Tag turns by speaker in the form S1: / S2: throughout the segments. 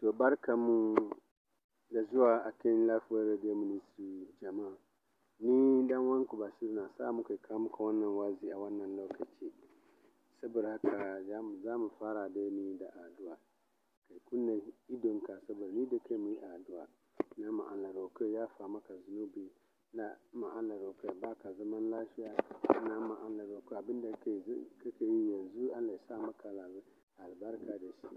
S1: To mu da zuwa a akan Lafiyar Radio Ministry jama'a. Ni dan wanku Bashir na sa muka kawo muku wannan wa'azi a wannan lokaci. Saboda haka za mu fara dai ni da addu'a. Kai kunna idonka saboda ni da kai mu yi addu'a. Na ma Allah roƙo ya yafa maka zunubi. Na ma Allah roƙo ya baka zaman lafiya. Na ma Allah roƙo abin da kake yi yanzu Allah ya sa maka albarka da shi.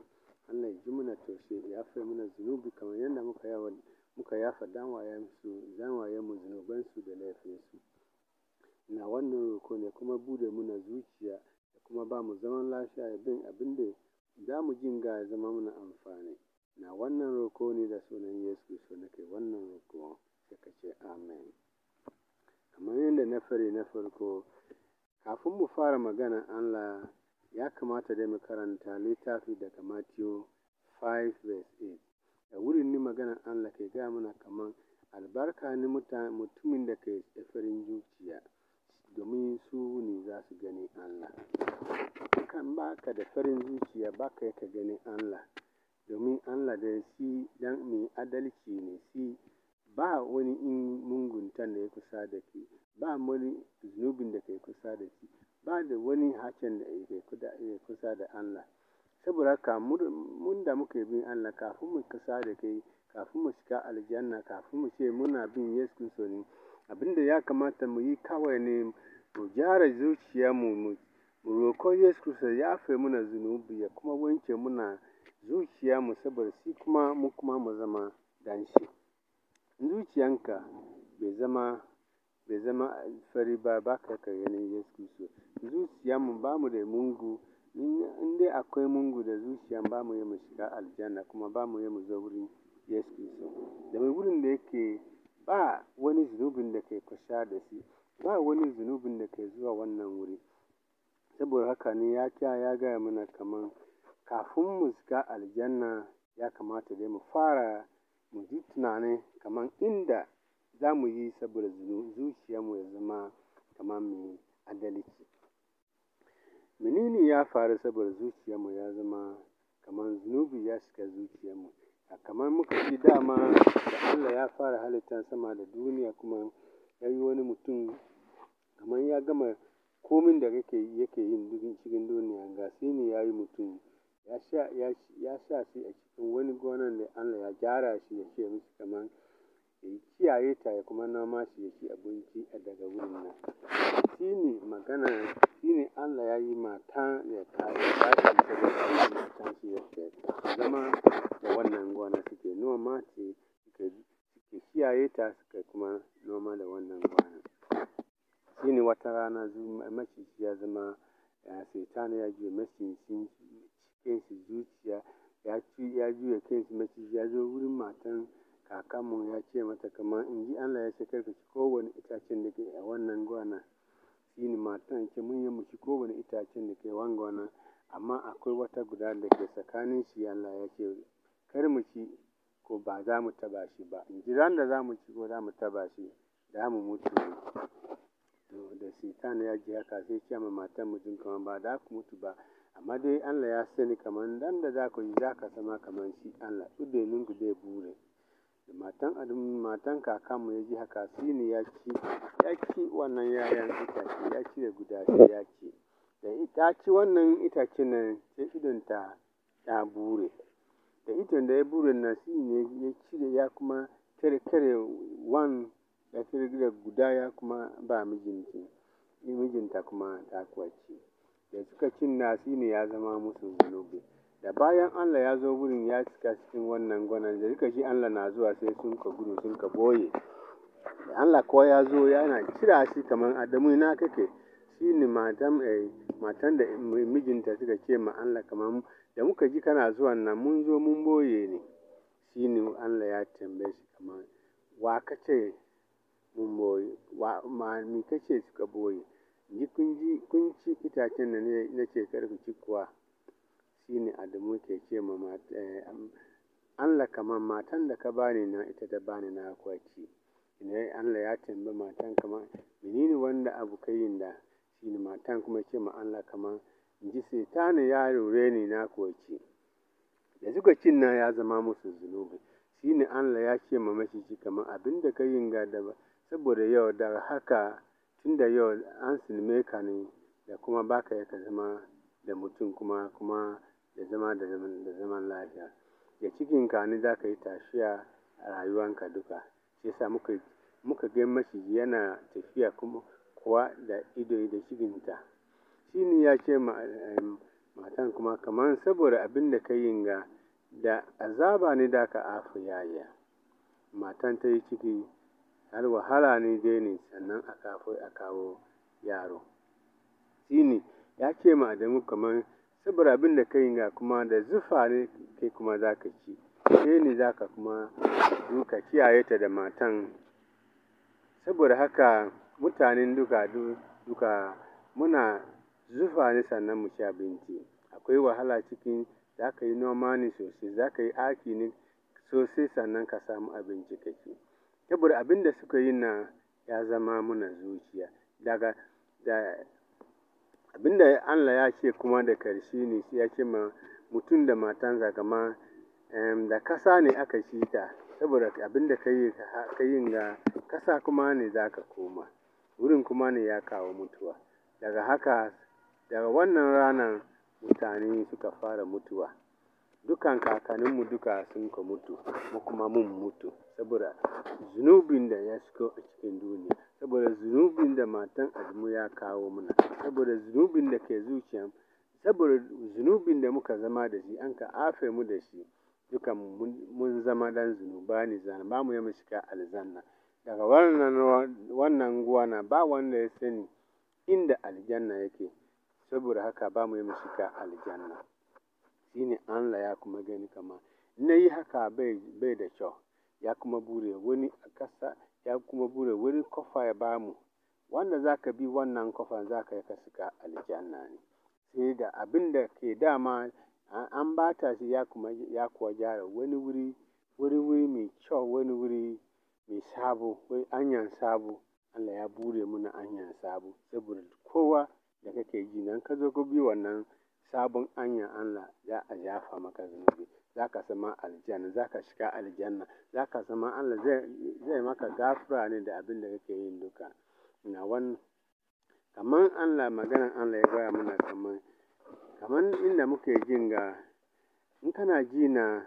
S1: Allah ya ji muna taushe ya yafe mana zunubi kamar yadda muka yawa muka yafa mu zunubansu da laifinsu na wannan roko ne kuma bude muna zuciya da kuma ba mu zaman lafiya da bin abin da za mu jin ga zama muna amfani na wannan roko ne da sunan Yesu Kiristo nake wannan roko sai ka ce amen kamar yadda na fare na farko kafin mu fara magana Allah Ya kamata dai mu karanta littafi daga Matthew 5 verse 8. Da wurin ni maganar Allah ke gaya mana kaman albarka ne mutumin da ke farin zuciya domin su ne za su gani Allah. Kan ka da farin zuciya ba ka gani Allah domin Allah da shi dan mai adalci ne shi ba wani in da ya kusa da ke ba wani zunubin da ke kusa da shi ba da wani hakin da yake kusa da Allah. Saboda ka mun da muke bin Allah kafin mu kusa da kai, kafin mu shiga aljanna, kafin mu ce muna bin Yesu Kristo ne, abinda ya kamata mu yi kawai ne mu gyara zuciyarmu mu roko Yesu Kristo ya yafe muna zunubi ya kuma wanke muna mu saboda shi kuma mu kuma mu zama dan shi. Zuciyanka bai zama bai zama fari ba ba ka ganin Yesu Kiristi. Zuciyanmu ba mu da mungu, in dai akwai mungu da zuciya ba mu yi mu shiga aljanna kuma ba mu yi mu zo wurin Yesu da mai wurin da yake ba wani zunubin da ke kusa da shi, ba wani zunubin da ke zuwa wannan wuri. Saboda haka ne ya kira ya gaya mana kaman kafin mu shiga aljanna ya kamata dai mu fara mu ji tunani kaman inda za mu yi saboda zuciyarmu ya zama kamar mai adalci. Menene ya faru saboda zuciyarmu ya zama kamar zunubi ya shiga zuciyarmu? Kamar muka ce dama da Allah ya fara halittar sama da duniya kuma ya yi wani mutum kamar ya gama komin da yake yin cikin duniya ga shi ne ya yi mutum ya sa shi a cikin wani gonan da Allah ya gyara shi ya ce mishi kamar ya yi kiyaye ta ya kuma noma shi ya ci abinci a daga wurin nan. Shi ne maganar, shi ne Allah ya yi mata ya kare ta daga ta shi ya zama da wannan gona suke noma ce suke, suke kiyaye ta suke kuma noma da wannan gona. Shi ne wata rana maciji ya zama, Satan ya juya macijin cikin shi zuciya ya ci, ya kai kanshi maciji ya zo wurin matan. kakanmu ya ce mata kamar in ji Allah ya ce kar ka ci kowane itacen da ke a wannan gwana shi ne matan ce mun yi mu ci kowane itacen da ke wannan gwana amma akwai wata guda da ke tsakanin shi Allah ya ce kar mu ci ko ba za mu taba shi ba in ji ran da za mu ci ko za mu taba shi da mu mutu to da shaitan ya ji haka sai ce ma matan mutum kamar ba za ku mutu ba amma dai Allah ya sani kamar dan da za ku yi za ka sama kamar shi Allah ku ku dai bure. Da matan Adamu, matan kakanmu ya ji haka Sinu ya ci ya ci wannan ‘ya'yan itace ya cire guda sai ya ci da ita ci wannan ce nan sai idonta ta bure. Da idon da ya bure nan ne ya ci ya kuma kare kare wan ya da guda ya kuma ba mijinta. Mijinta kuma ta kuwa Da suka cin na ne ya zama musu zunubi. Da bayan Allah ya zo wurin ya cika cikin wannan gwanon, da duka shi Allah na zuwa sai sun ka gudu sun ka boye. Da Allah kuwa ya zo yana kira shi kamar Adamu na kake shi ne eh, matan da mijinta suka ce ma Allah kamar da muka ji kana zuwa nan mun zo mun boye ne. Shi ne Allah ya tambaye shi kamar wa kace mun boye wa ma mi kace suka boye. Ni kun ji kun ci itacen da na ce a Adamu ke ce ma eh, Allah kamar matan da ka bani na ita ta bani na kwaci. Idan Allah ya tambi matan kaman menene wanda abu ka yi da ne matan kuma ce ma Allah kamar in ji Saitani ya rure ni na kwaci. Da suka cin nan ya zama musu zunubi. sini Allah ya ce ma maciji kamar abin da ka yin ga da saboda yau da haka tun da yau an sulme ka ne da kuma baka ya ka zama da mutum kuma kuma da zama da zaman lafiya. cikin cikinka ne za ka yi tashiya a rayuwanka duka. Shi yasa muka, muka ga maciji yana tafiya kuma kuwa da ido da cikinta. Shi ne ya ce matan kuma kamar saboda abin da ka yin ga da azaba ne da ka yaya Matan ta yi ciki har wahala ne dai ne sannan a kawo yaro. Shi ne ya ce ma Adamu kamar saboda abin da ka yi kuma da zufa ne kai kuma za ka ci, kai ne za ka kuma duka kiyaye ta da matan. Saboda haka mutanen duka duka muna zufa ne sannan mu ci abinci. Akwai wahala cikin za ka yi noma ne sosai, za ka yi aki ne sosai sannan ka samu abinci ka ci. Saboda abin da suka yi na ya zama muna zuciya daga Abin da Allah ya ce kuma da ƙarshe ne ya ce ma mutum da matansa kamar da kasa ne aka ci ta, saboda abin da ka yi ga kasa kuma ne za ka koma, wurin kuma ne ya kawo mutuwa. Daga haka, daga wannan ranar mutane suka fara mutuwa. Dukan kakanninmu duka sun ka mutu, mu kuma mun mutu saboda zunubin da ya shigo a cikin duniya, saboda zunubin da matan Adamu ya kawo mana, saboda zunubin da ke zuciya saboda zunubin da muka zama da shi an ka afe mu da shi. Dukan mun zama dan zunuba ne, ba mu iya mu shiga aljanna. Daga wannan wannan gwana ba wanda ya sani inda aljanna yake. Saboda haka ba mu iya mu shiga aljanna. shine Allah ya kuma gani kama. Na yi haka bai, bai da kyau, ya kuma bure wani a ƙasa, ya kuma bure wani kofa ya ba mu. Wanda za ka bi wannan kofa za ka ka shiga aljanna ne. Sai da abin da ke dama an bata shi ya kuma ya kuwa gyara wani wuri, wuri wuri mai kyau, wani wuri mai sabo, wani anyan sabo. Allah ya bure mana anyan sabo saboda kowa da kake ji nan ka zo ka bi wannan sabon anyan Allah za a yafa maka zunubi za ka zama aljanna za ka shiga aljanna za ka zama Allah zai maka gafara ne da abin da kake yin duka na wannan kaman Allah maganan Allah ya gaya mana kaman kaman inda muke jin ga in kana ji na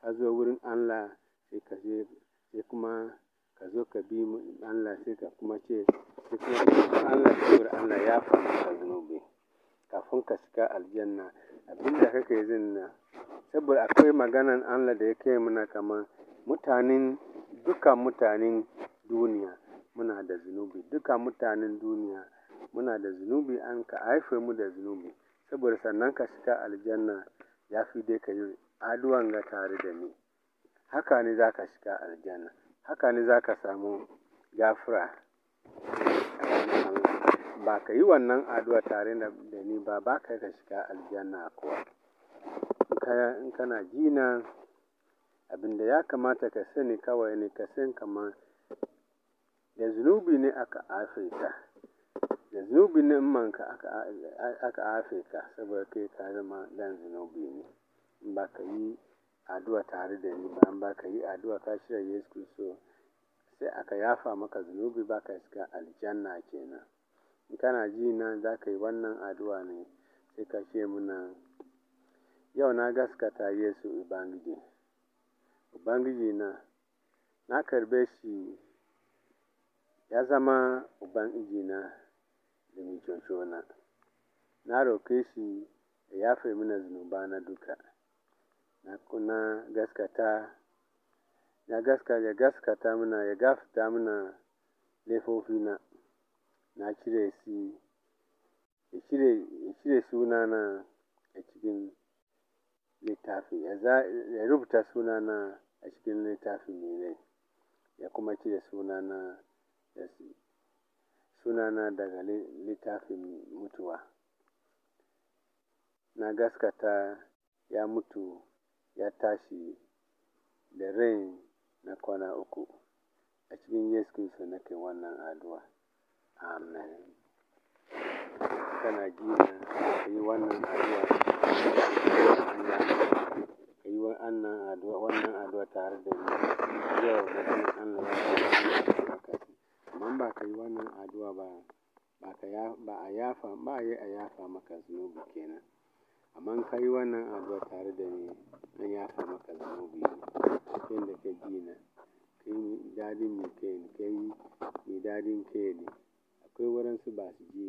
S1: ka zo wurin Allah sai ka je sai kuma ka zo ka bi Allah sai ka kuma ce sai kuma Allah sai Allah ya faɗa zunubi kafin ka shiga aljanna abin da kake jin nan saboda akwai maganan Allah da ya kai mana kaman mutanen duka mutanen duniya muna da zunubi dukan mutanen duniya muna da zunubi an ka haife mu da zunubi saboda sannan ka shiga aljanna ya fi dai ka yi aduwan ga tare da ni haka ne za ka shiga aljanna haka ne za ka samu gafara ba ka yi wannan addu'a tare da ni ba, ba ka ka shiga aljanna ko In kana jina na abin da ya kamata ka sani kawai ne ka san kamar da zunubi ne aka afe ka, da zunubi ne manka aka afe ka saboda kai ka zama dan zunubi ne. In ba ka yi addu'a tare da ni ba, in ba ka yi addu'a ka shirya Yesu Kiristi sai aka yafa maka zunubi ba ka shiga aljanna kenan. kana ji na za ka yi wannan addu'a ne sai ka ce muna yau na gaskata Yesu Ubangiji Ubangiji na na karbe shi ya zama Ubangiji na da mai na na roke shi ya yafe zunuba zunubana duka na kuna gaskata ya gaskata ya gaskata mana ya gafata mana laifofina na cire shi, ya cire, ya cire sunana a cikin littafi, ya, za, ya rubuta sunana a cikin littafin mai rai, ya kuma cire sunana da sunana daga littafin mutuwa. Na gaskata ya mutu ya tashi da rai na kwana uku. A cikin Yesu Kiristi nake wannan addu'a. Amen. Kana jina ka yi wannan addu'a, ka yi wannan addu'a, wannan addu'a tare da ni. Yau maganar Allah ya taimaka Amma ba ka yi wannan addu'a ba, ba ka ya, ba a yafa, ba a yi a yafa maka zunubi kenan. Amma in ka yi wannan addu'a tare da ni, an yafa maka zunubi. Kai da ka ji na, kai ni dadin me kai kai ni dadin kai ne. akwai waransu ba su je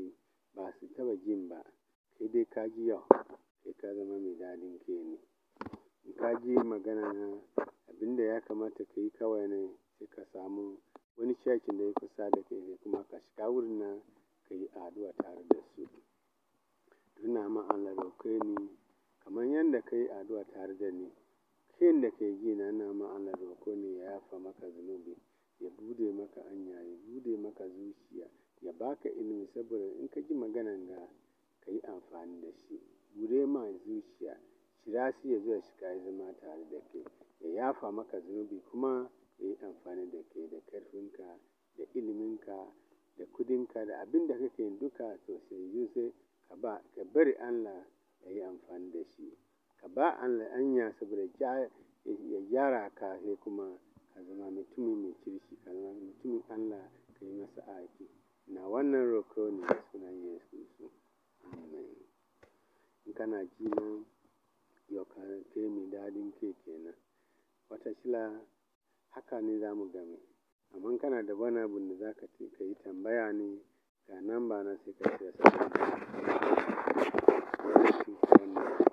S1: ba su taɓa jin ba sai dai ka ji yau kai ka zama mai daɗin kai ne in ka ji magana na abin ya kamata ka yi kawai ne sai ka samu wani shakin da ya kusa da kai ne kuma ka shiga wurin nan ka yi addu'a tare da su tuna ma Allah roƙe ni kamar yadda ka yi addu'a tare da ni kayan da ka yi na ina ma Allah ne ya yafa maka zunubi ya bude maka hanya ya bude maka zuciya ya baka ilimi saboda in ka ji maganan ga ka yi amfani da shi gure ma zuciya shira su ya zuwa shiga zama tare da kai ya yafa maka zunubi kuma ya yi amfani da kai da karfinka da iliminka da kudinka da abin da kake duka to sai yuse ka ba ka bari Allah ya yi amfani da shi ka ba Allah anya saboda ya gyara ka sai kuma ka zama mutumin mai kirki ka zama mutumin Allah ka yi masa aiki na wannan roƙo ne sunan Yesu su. Amen. In kana ji nan, yau ka mai dadin ke kenan. Wata shila haka ne za mu game. Amma kana da wani abu da za ka ce ka yi tambaya ne ga nan ba na sai ka ce